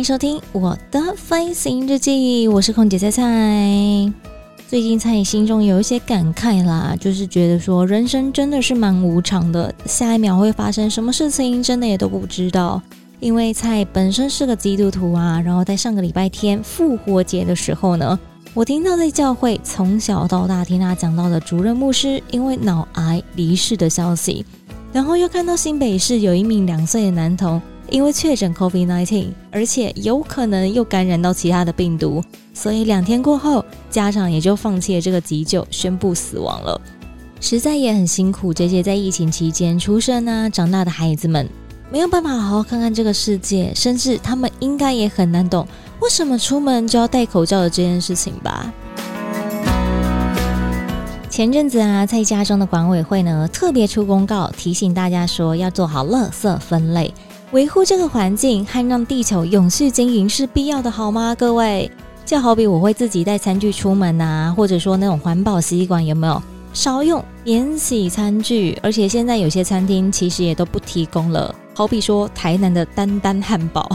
歡迎收聽我的飛行日記，我是空姐菜菜。最近菜的心中有一些感慨啦，就是覺得說人生真的是蠻無常的，下一秒會發生什麼事情真的也都不知道。因為菜本身是個基督徒啊，然後在上個禮拜天復活節的時候呢，我聽到在教會從小到大聽他講到的主任牧師因為腦癌離世的消息，然後又看到新北市有一名兩歲的男童。因為確診 COVID-19，而且有可能又感染到其他的病毒，所以兩天過後，家長也就放棄了這個急救，宣布死亡了。實在也很辛苦這些在疫情期間出生啊長大的孩子們，沒有辦法好好看看這個世界，甚至他們應該也很難懂為什麼出門就要戴口罩的這件事情吧。前陣子啊，在家中的管委會呢，特別出公告提醒大家說，要做好垃圾分類。維護這個環境和讓地球永續經營是必要的，好嗎，各位？就好比我會自己帶餐具出門啊，或者說那種環保吸管有沒有？少用免洗餐具，而且現在有些餐廳其實也都不提供了。好比說台南的丹丹漢堡，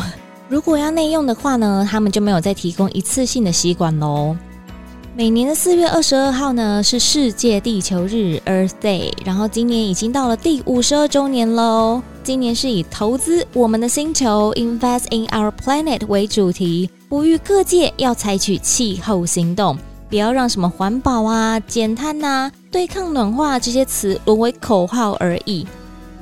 如果要內用的話呢，他們就沒有再提供一次性的吸管嘍。每年的四月二十二號呢，是世界地球日 Earth Day，然後今年已經到了第五十二周年嘍。今年是以投資我們的星球 Invest in our planet 為主題，呼籲各界要採取氣候行動，不要讓什麼環保啊、減碳吶、啊、對抗暖化這些詞淪為口號而已。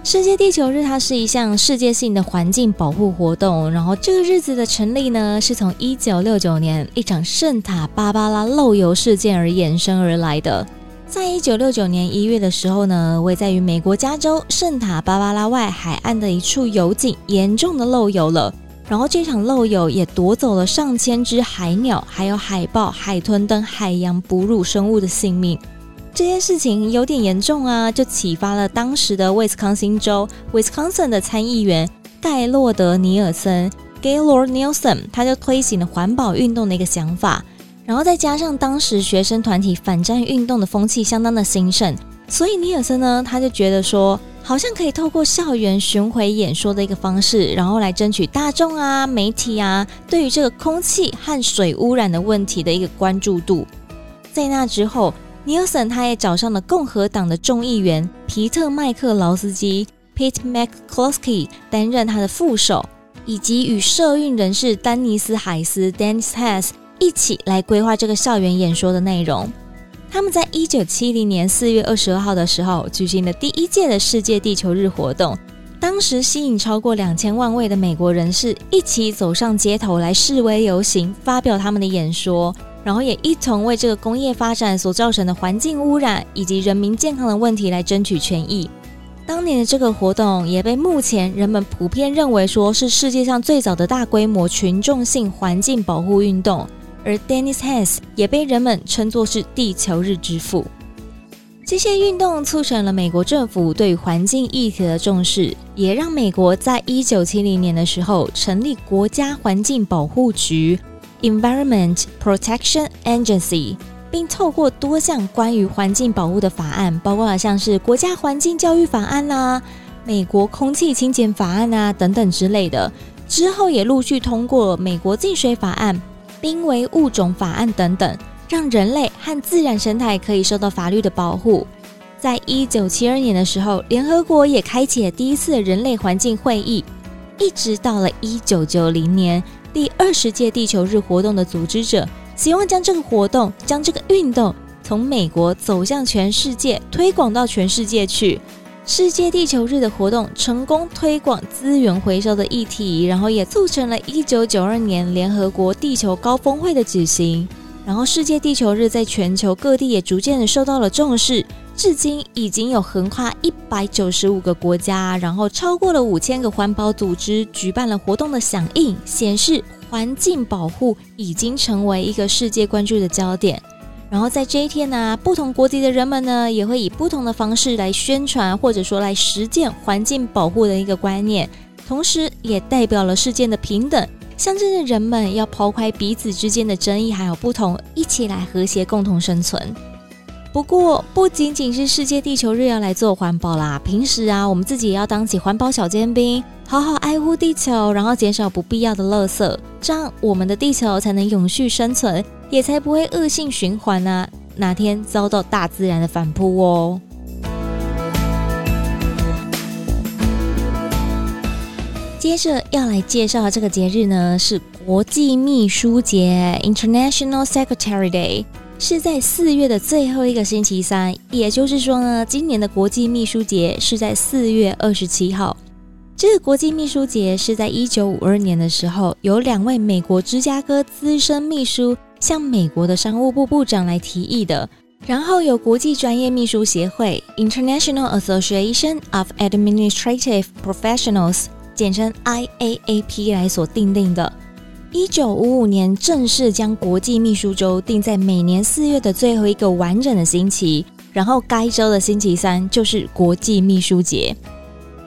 世界地球日，它是一項世界性的環境保護活動。然後，這個日子的成立呢，是從1969年一場聖塔芭芭拉漏油事件而衍生而來的。在1969年1月的時候呢，位在於美國加州聖塔芭芭拉外海岸的一處油井嚴重的漏油了。然後，這場漏油也奪走了上千隻海鳥、還有海豹、海豚等海洋哺乳生物的性命。這件事情有點嚴重啊，就啟發了當時的威斯康星州 （Wisconsin） 的參議員蓋洛德·尼爾森 （Gaylord Nelson）。Gaylord Nelson, 他就推行了環保運動的一個想法，然後再加上當時學生團體反戰運動的風氣相當的興盛，所以尼爾森呢，他就覺得說，好像可以透過校園巡回演說的一個方式，然後來爭取大眾啊、媒體啊對於這個空氣和水污染的問題的一個關注度。在那之後。尼爾森他也找上了共和黨的眾議員皮特麥克勞斯基 （Pete MacKlosky） 擔任他的副手，以及與社運人士丹尼斯海斯 d 尼 n n i s h e 一起來規劃這個校園演說的內容。他們在一九七零年四月二十二號的時候舉行了第一屆的世界地球日活動，當時吸引超過兩千萬位的美國人士一起走上街頭來示威遊行，發表他們的演說。然後也一同為這個工業發展所造成的環境汙染以及人民健康的問題來爭取權益。當年的這個活動也被目前人們普遍認為說是世界上最早的大規模群眾性環境保護運動，而 Dennis Hayes 也被人們稱作是地球日之父。這些運動促成了美國政府對環境議題的重視，也讓美國在1970年的時候成立國家環境保護局。Environment Protection Agency，並透過多項關於環境保護的法案，包括了像是國家環境教育法案啦、啊、美國空氣清潔法案啊等等之類的。之後也陸續通過美國淨水法案、瀕危物種法案等等，讓人類和自然生態可以受到法律的保護。在一九七二年的時候，聯合國也開啟了第一次人類環境會議，一直到了一九九零年。第二十屆地球日活動的組織者，希望將這個活動，將這個運動，從美國走向全世界，推廣到全世界去。世界地球日的活動成功推廣資源回收的議題，然後也促成了一九九二年聯合國地球高峰會的舉行。然後，世界地球日在全球各地也逐漸的受到了重視，至今已經有橫跨一百九十五個國家，然後超過了五千個環保組織舉辦了活動的響應，顯示環境保護已經成為一個世界關注的焦點。然後在這一天呢、啊，不同國籍的人們呢，也會以不同的方式來宣傳或者說來實踐環境保護的一個觀念，同時也代表了世界的平等。象徵的人們要拋開彼此之間的爭議，還有不同，一起來和諧共同生存。不過，不僅僅是世界地球日要來做環保啦，平時啊，我們自己也要當起環保小尖兵，好好愛護地球，然後減少不必要的垃圾，這樣我們的地球才能永續生存，也才不會惡性循環啊！哪天遭到大自然的反撲哦、喔！接着要來介紹的這個節日呢，是國際秘書節 （International Secretary Day），是在四月的最後一個星期三。也就是說呢，今年的國際秘書節是在四月二十七號。這個國際秘書節是在一九五二年的時候，由兩位美國芝加哥資深秘書向美國的商務部部長來提議的。然後有國際專業秘書協會 （International Association of Administrative Professionals） 簡稱 I A A P 來所訂定定的，一九五五年正式將國際秘書周定在每年四月的最後一個完整的星期，然後該周的星期三就是國際秘書節。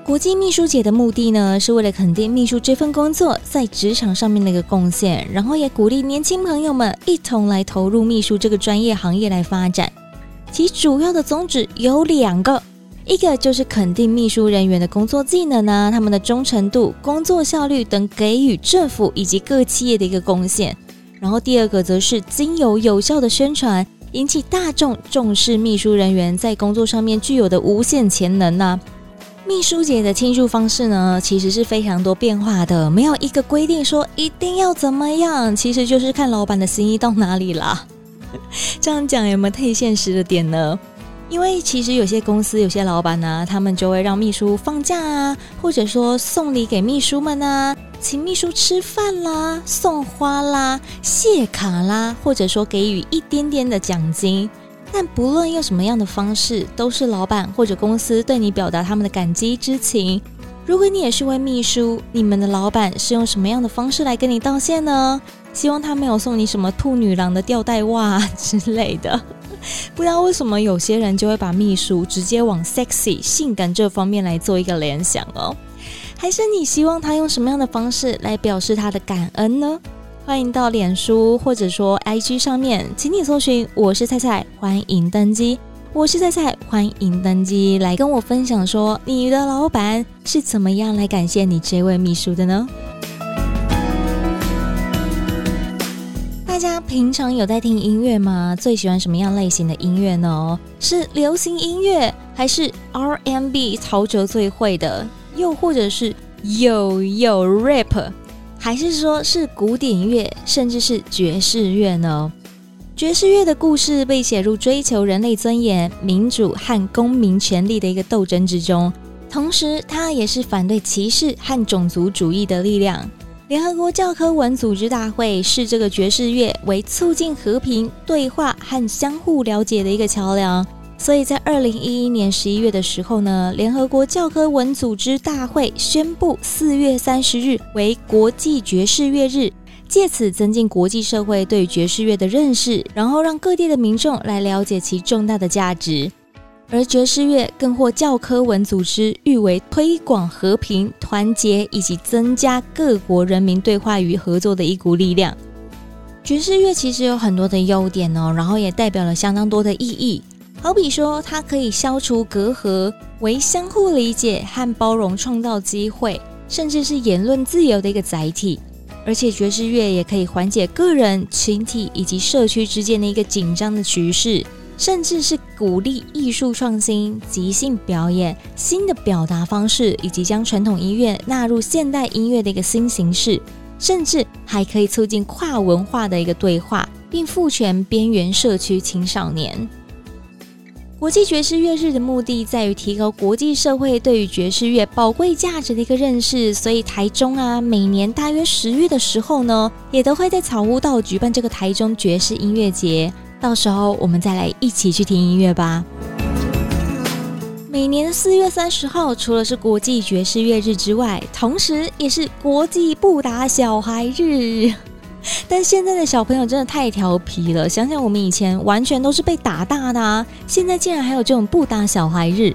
國際秘書節的目的呢，是為了肯定秘書這份工作在職場上面的一個貢獻，然後也鼓勵年輕朋友們一同來投入秘書這個專業行業來發展。其主要的宗旨有兩個。一個就是肯定秘書人員的工作技能呢、啊，他們的忠誠度、工作效率等，給予政府以及各企業的一個貢獻。然後第二個則是經由有、有效的宣傳，引起大眾重視秘書人員在工作上面具有的無限潛能呢、啊。秘書節的慶祝方式呢，其實是非常多變化的，沒有一個規定說一定要怎麼樣，其實就是看老板的心意到哪裡啦。這樣講有沒有太現實的點呢？因為其實有些公司、有些老闆呢、啊，他們就會讓秘書放假啊，或者說送禮給秘書們啊，請秘書吃飯啦、送花啦、謝卡啦，或者說給予一點點的獎金。但不論用什麼樣的方式，都是老闆或者公司對你表達他們的感激之情。如果你也是位秘書，你們的老闆是用什麼樣的方式來跟你道歉呢？希望他沒有送你什麼兔女郎的吊帶襪之類的。不知道為什麼有些人就會把秘書直接往 sexy 性感這方面來做一個聯想哦，還是你希望他用什麼樣的方式來表示他的感恩呢？歡迎到臉書或者說 IG 上面，請你搜尋“我是菜菜”，歡迎登機。我是菜菜，歡迎登機，來跟我分享說你的老闆是怎麼樣來感謝你這位秘書的呢？大家平常有在聽音樂嗎？最喜歡什麼樣類型的音樂呢？是流行音樂，還是 R&B 陶喆最會的？又或者是有有 rap，還是說是古典樂，甚至是爵士樂呢？爵士樂的故事被寫入追求人類尊嚴、民主和公民權利的一個鬥爭之中，同時它也是反對歧視和種族主義的力量。聯合國教科文組織大會視這個爵士樂為促進和平對話和相互了解的一個橋樑，所以在二零一一年十一月的時候呢，聯合國教科文組織大會宣布四月三十日為國際爵士樂日，借此增進國際社會對爵士樂的認識，然後讓各地的民眾來了解其重大的價值。而爵士樂更獲教科文組織譽為推廣和平、團結以及增加各國人民對話與合作的一股力量。爵士樂其實有很多的優點哦，然後也代表了相當多的意義。好比說，它可以消除隔閡，為相互理解和包容創造機會，甚至是言論自由的一個載體。而且，爵士樂也可以緩解個人、群體以及社區之間的一個緊張的局勢。甚至是鼓勵藝術創新、即興表演、新的表達方式，以及將傳統音樂納入現代音樂的一個新形式，甚至還可以促進跨文化的一個對話，並賦權邊緣社區青少年。國際爵士樂日的目的在於提高國際社會對於爵士樂寶貴價值的一個認識，所以台中啊，每年大約十月的時候呢，也都會在草悟道舉辦這個台中爵士音樂節。到時候我們再來一起去聽音樂吧。每年四月三十號，除了是國際爵士樂日之外，同時也是國際不打小孩日。但現在的小朋友真的太調皮了，想想我們以前完全都是被打大的啊，現在竟然還有這種不打小孩日。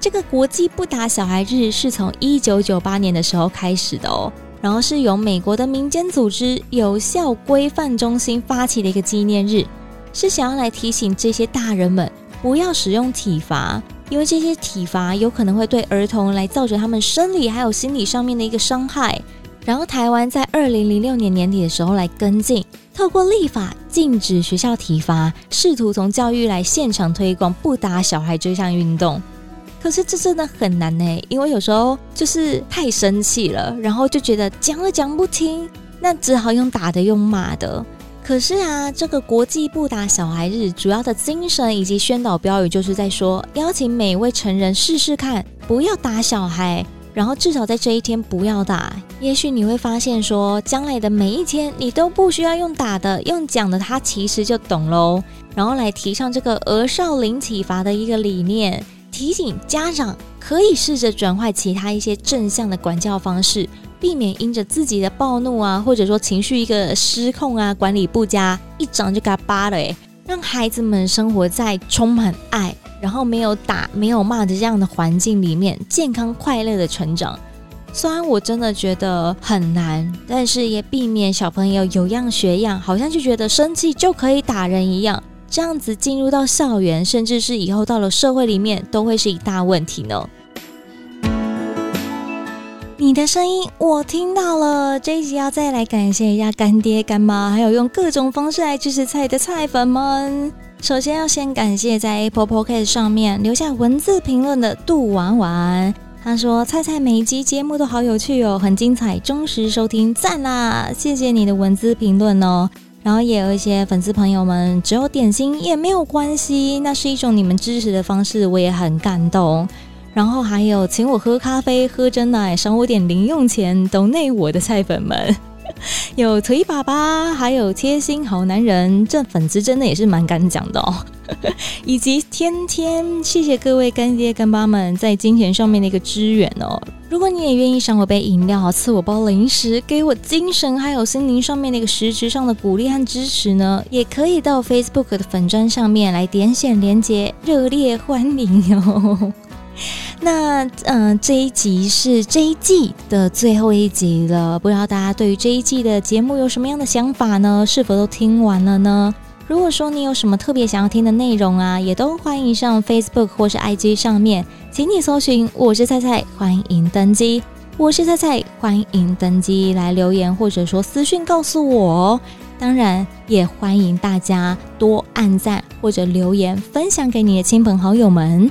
這個國際不打小孩日是從一九九八年的時候開始的哦，然後是由美國的民間組織有效規範中心發起的一個紀念日。是想要來提醒這些大人們不要使用體罰，因為這些體罰有可能會對兒童來造成他們生理還有心理上面的一個傷害。然後台灣在二零零六年年底的時候來跟進，透過立法禁止學校體罰，試圖從教育來現場推廣不打小孩這項運動。可是這真的很難呢、欸，因為有時候就是太生氣了，然後就覺得講了講不聽，那只好用打的，用罵的。可是啊，這個國際不打小孩日主要的精神以及宣導標語，就是在說邀請每一位成人試試看，不要打小孩，然後至少在這一天不要打。也許你會發現說，說將來的每一天你都不需要用打的，用講的，他其實就懂咯。然後來提倡這個「兒少零體罰」的一個理念，提醒家長可以試着轉換其他一些正向的管教方式。避免因着自己的暴怒啊，或者說情緒一個失控啊，管理不佳，一掌就給他巴了。哎，讓孩子們生活在充滿愛，然後沒有打、沒有罵的這樣的環境裡面，健康快樂的成長。雖然我真的覺得很難，但是也避免小朋友有樣學樣，好像就覺得生氣就可以打人一樣，這樣子進入到校園，甚至是以後到了社會裡面，都會是一大問題呢。你的聲音我聽到了，這一集要再來感謝一下乾爹乾媽，還有用各種方式來支持菜的菜粉們。首先要先感謝在 Apple Podcast 上面留下文字評論的杜婉婉，她說菜菜每一集節目都好有趣哦，很精彩，忠實收聽，讚啦、啊！謝謝你的文字評論哦。然後也有一些粉絲朋友們，只有點心也沒有關係，那是一種你們支持的方式，我也很感動。然後還有請我喝咖啡、喝珍奶、賞我點零用錢，鬥內我的菜粉們，有腿爸爸，還有貼心好男人，這粉絲真的也是蠻敢講的哦。 以及天天謝謝各位乾爹乾媽們在金錢上面的一個支援哦。如果你也願意賞我杯飲料、賜我包零食、給我精神還有心靈上面的一個實質上的鼓勵和支持呢，也可以到 Facebook 的粉專上面來點選連結，熱烈歡迎哦。那嗯、呃，這一集是這一季的最後一集了，不知道大家對於這一季的節目有什麼樣的想法呢？是否都聽完了呢？如果說你有什麼特別想要聽的內容啊，也都歡迎上 Facebook 或是 IG 上面，請你搜尋“我是菜菜”，歡迎登機。我是菜菜，歡迎登機來留言或者說私訊告訴我哦。當然也歡迎大家多按讚或者留言分享給你的親朋好友們。